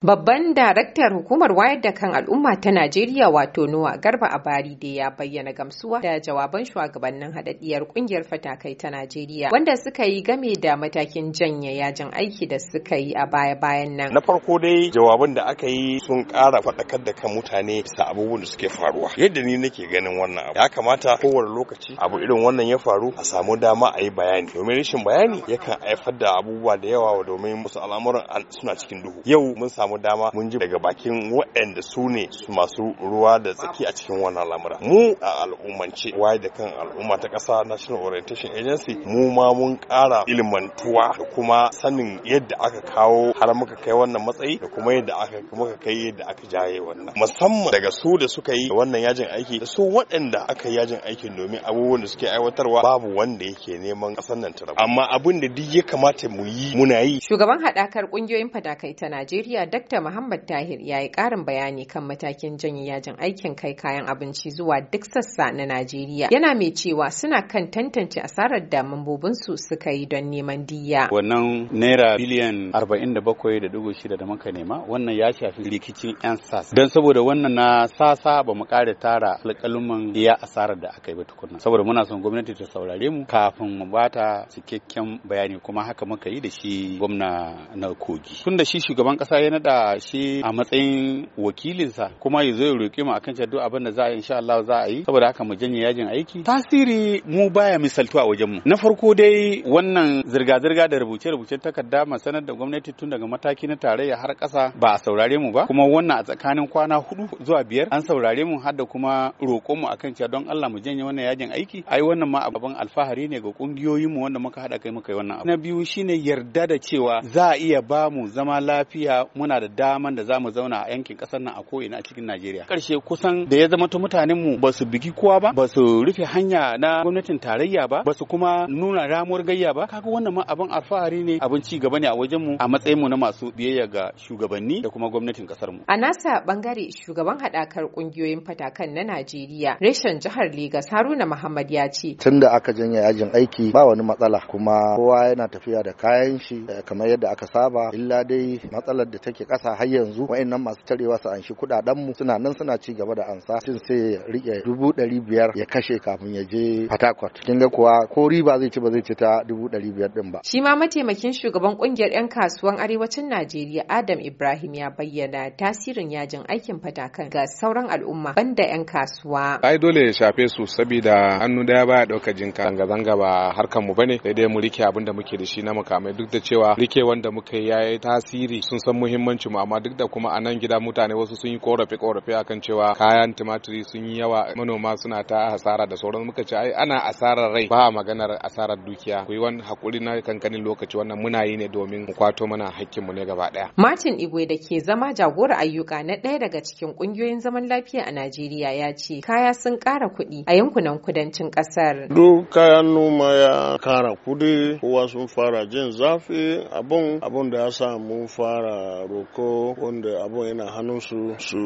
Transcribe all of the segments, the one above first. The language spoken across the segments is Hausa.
Babban daraktar hukumar wayar da kan al'umma ta Najeriya wato Nuwa Garba a bari da ya bayyana gamsuwa da jawaban shugabannin haɗaɗɗiyar ƙungiyar fatakai ta Najeriya wanda suka yi game da matakin janye yajin aiki da suka yi a baya-bayan nan. Na farko dai jawaban da aka yi sun ƙara faɗakar da kan mutane bisa abubuwan da suke faruwa. Yadda ni nake ganin wannan abu. Ya kamata kowane lokaci abu irin wannan ya faru a samu dama a yi bayani. Domin rashin bayani yakan haifar da abubuwa da yawa domin musu al'amuran suna cikin duhu. Yau mun samu samu dama mun ji daga bakin waɗanda su ne masu ruwa da tsaki a cikin wannan lamura mu a al'ummance waye da kan al'umma ta ƙasa national orientation agency mu ma mun ƙara ilmantuwa da kuma sanin yadda aka kawo har muka kai wannan matsayi da kuma yadda aka muka kai yadda aka jaye wannan musamman daga su da suka yi wannan yajin aiki da su waɗanda aka yi yajin aikin domin abubuwan da suke aiwatarwa babu wanda yake neman ƙasar nan ta amma abin da duk ya kamata mu yi muna yi shugaban haɗakar ƙungiyoyin fadakai ta Najeriya Dakta Muhammad Tahir ya yi ƙarin bayani kan matakin janye yajin aikin kai kayan abinci zuwa duk sassa na Najeriya. Yana mai cewa suna kan tantance asarar da mambobinsu suka yi don neman diya. Wannan naira biliyan 47.6 da muka nema wannan ya shafi rikicin 'yan sassa. Don saboda wannan na sasa ba mu ƙara tara alƙaluman iya asarar da aka yi ba tukunna. Saboda muna son gwamnati ta saurare mu kafin mu bata cikakken bayani kuma haka muka yi da shi gwamna na kogi. Tun da shi shugaban ƙasa ya naɗa da shi a matsayin wakilinsa kuma ya zo ya roƙe mu akan duk abin da za a insha Allah za a yi saboda haka mu janye yajin aiki tasiri mu baya misaltu a wajen mu na farko dai wannan zirga-zirga da rubuce rubuce takarda sanar da gwamnati tun daga mataki na tarayya har ƙasa ba a saurare mu ba kuma wannan a tsakanin kwana hudu zuwa biyar an saurare mu har da kuma roƙon mu akan cewa don Allah mu janye wannan yajin aiki ai wannan ma abin alfahari ne ga kungiyoyin mu wanda muka hada kai muka yi wannan abu na biyu shine yarda da cewa za a iya ba mu zama lafiya muna da daman da zamu zauna a yankin kasar nan a ko'ina a cikin Najeriya karshe kusan da ya zama to mutanen mu ba su bigi kowa ba ba su rufe hanya na gwamnatin tarayya ba ba su kuma nuna ramuwar gayya ba kaga wannan ma abin alfahari ne abin ci gaba ne a wajen mu a matsayin mu na masu biyayya ga shugabanni da kuma gwamnatin kasar mu a nasa bangare shugaban hadakar kungiyoyin fatakan na Najeriya reshen jihar Legas Haruna Muhammad ya ce tunda aka janye yajin aiki ba wani matsala kuma kowa yana tafiya da kayan shi eh, kamar yadda aka saba illa dai matsalar da take ƙasa har yanzu wayannan masu tarewa su anshi kuɗaɗen mu suna nan suna ci gaba da ansa cin sai ya rike dubu ɗari biyar ya kashe kafin ya je Fatakwat. Kin ga kuwa ko riba zai ci ba zai ci ta dubu ɗari biyar ɗin ba. Shi ma mataimakin shugaban ƙungiyar 'yan kasuwan arewacin Najeriya Adam Ibrahim ya bayyana tasirin yajin aikin fatakan ga sauran al'umma banda 'yan kasuwa. Ai dole ya shafe su saboda hannu daya baya ɗaukar jinka zanga-zanga ba harkar mu bane sai dai mu rike abin da muke da shi na mukamai duk da cewa rike wanda muka yi yayi tasiri sun san muhimmanci muhimmanci mu amma duk da kuma a nan gida mutane wasu sun yi korafe korafe akan cewa kayan tumatiri sun yi yawa manoma suna ta hasara da sauran muka ce ai ana asarar rai ba maganar asarar dukiya ku yi wani hakuri na kankanin lokaci wannan muna yi ne domin mu kwato mana hakkin mu ne gaba daya Martin Igwe da ke zama jagora ayyuka na ɗaya daga cikin ƙungiyoyin zaman lafiya a Najeriya ya ce kaya sun ƙara kuɗi a yankunan kudancin ƙasar duk kayan noma ya ƙara kuɗi kowa sun fara jin zafi abun abun da ya samu fara ro. roko wanda abun yana hannunsu su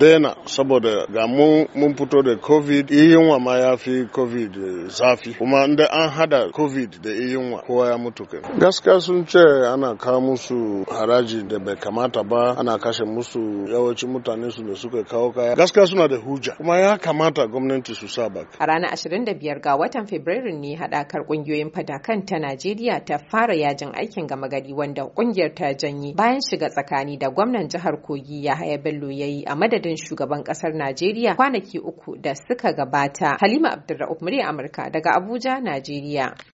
daina saboda ga mun mun fito da covid yunwa ma ya fi covid zafi kuma inda an hada covid da yunwa kowa ya mutu kai gaskiya sun ce ana kawo musu haraji da bai kamata ba ana kashe musu yawancin mutane su da suka kawo kaya gaskiya suna da hujja kuma ya kamata gwamnati su sa baki a ranar 25 ga watan fabrairu ne hadakar kungiyoyin fadakan ta najeriya ta fara yajin aikin gama gari wanda kungiyar ta janye bayan shiga tsakanin tunani da gwamnan jihar Kogi ya haya Bello ya yi a madadin shugaban kasar Najeriya kwanaki uku da suka gabata. Halima Abdulra'uf murya Amurka daga Abuja, Najeriya.